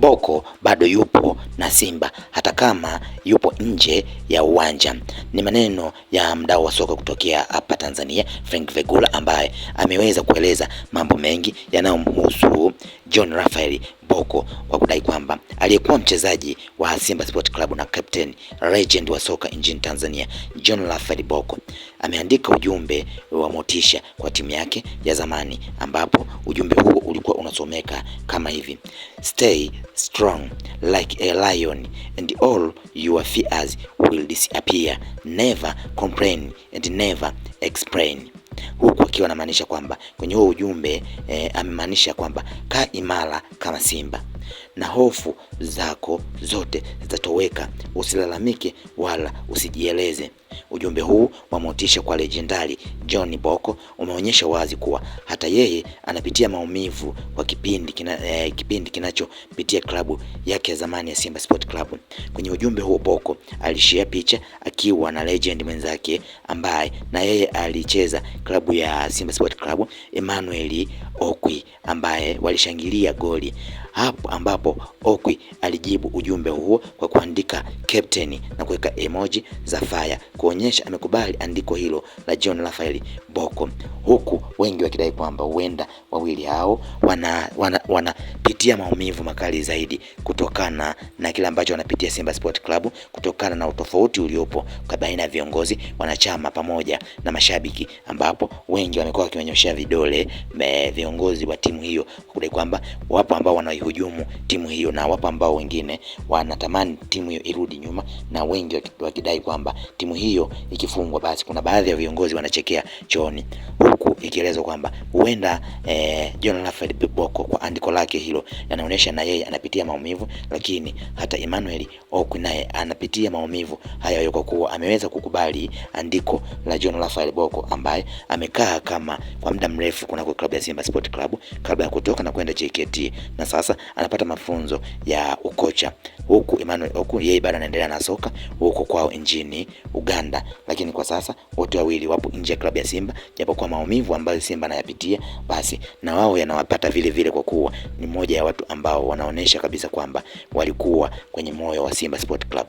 boko bado yupo na Simba hata kama yupo nje ya uwanja. Ni maneno ya mdau wa soka kutokea hapa Tanzania, Frank Vegula ambaye ameweza kueleza mambo mengi yanayomhusu John rafael Bocco kwa kudai kwamba aliyekuwa mchezaji wa Simba Sport Club na captain legend wa soka nchini Tanzania John Raphael Boko ameandika ujumbe wa motisha kwa timu yake ya zamani, ambapo ujumbe huo ulikuwa unasomeka kama hivi: Stay strong like a lion and all your fears will disappear. Never complain and never explain huku akiwa anamaanisha kwamba kwenye huo ujumbe eh, amemaanisha kwamba kaa imara kama simba na hofu zako zote zitatoweka. Usilalamike wala usijieleze. Ujumbe huu wa motisha kwa legendari John boko umeonyesha wazi kuwa hata yeye anapitia maumivu kwa kipindi kina, eh, kipindi kinachopitia klabu yake ya zamani ya Simba Sport Club. Kwenye ujumbe huo boko alishia picha akiwa na legend mwenzake ambaye na yeye alicheza klabu ya Simba Sport Club Emmanuel Okwi ambaye walishangilia goli hapo ambapo ambapo Okwi alijibu ujumbe huo kwa kuandika Captain na kuweka emoji za fire kuonyesha amekubali andiko hilo la John Rafael Boko, huku wengi wakidai kwamba huenda wawili hao wanapitia wana, wana maumivu makali zaidi kutokana na kile ambacho wanapitia Simba Sport Club, kutokana na utofauti uliopo kwa baina ya viongozi, wanachama pamoja na mashabiki, ambapo wengi wamekuwa wakionyoshea vidole viongozi wa timu hiyo kudai kwamba wapo ambao wanaihujumu timu hiyo na wapo ambao wengine wanatamani timu hiyo irudi nyuma, na wengi wakidai kwamba timu hiyo ikifungwa, basi kuna baadhi ya viongozi wanachekea choo pembezoni, huku ikielezwa kwamba huenda eh, John Raphael Biboko kwa andiko lake hilo yanaonyesha na yeye anapitia maumivu, lakini hata Emmanuel Okwi naye anapitia maumivu hayo kwa kuwa ameweza kukubali andiko la John Raphael Boko ambaye amekaa kama kwa muda mrefu kunako klabu ya Simba Sport Club kabla ya kutoka na kwenda JKT, na sasa anapata mafunzo ya ukocha, huku Emmanuel Okwi yeye bado anaendelea na soka huko kwao nchini Uganda, lakini kwa sasa wote wawili wapo nje ya klabu ya Simba japokuwa maumivu ambayo Simba anayapitia basi na wao yanawapata vile vile, kwa kuwa ni moja ya watu ambao wanaonesha kabisa kwamba walikuwa kwenye moyo wa Simba Sport Club.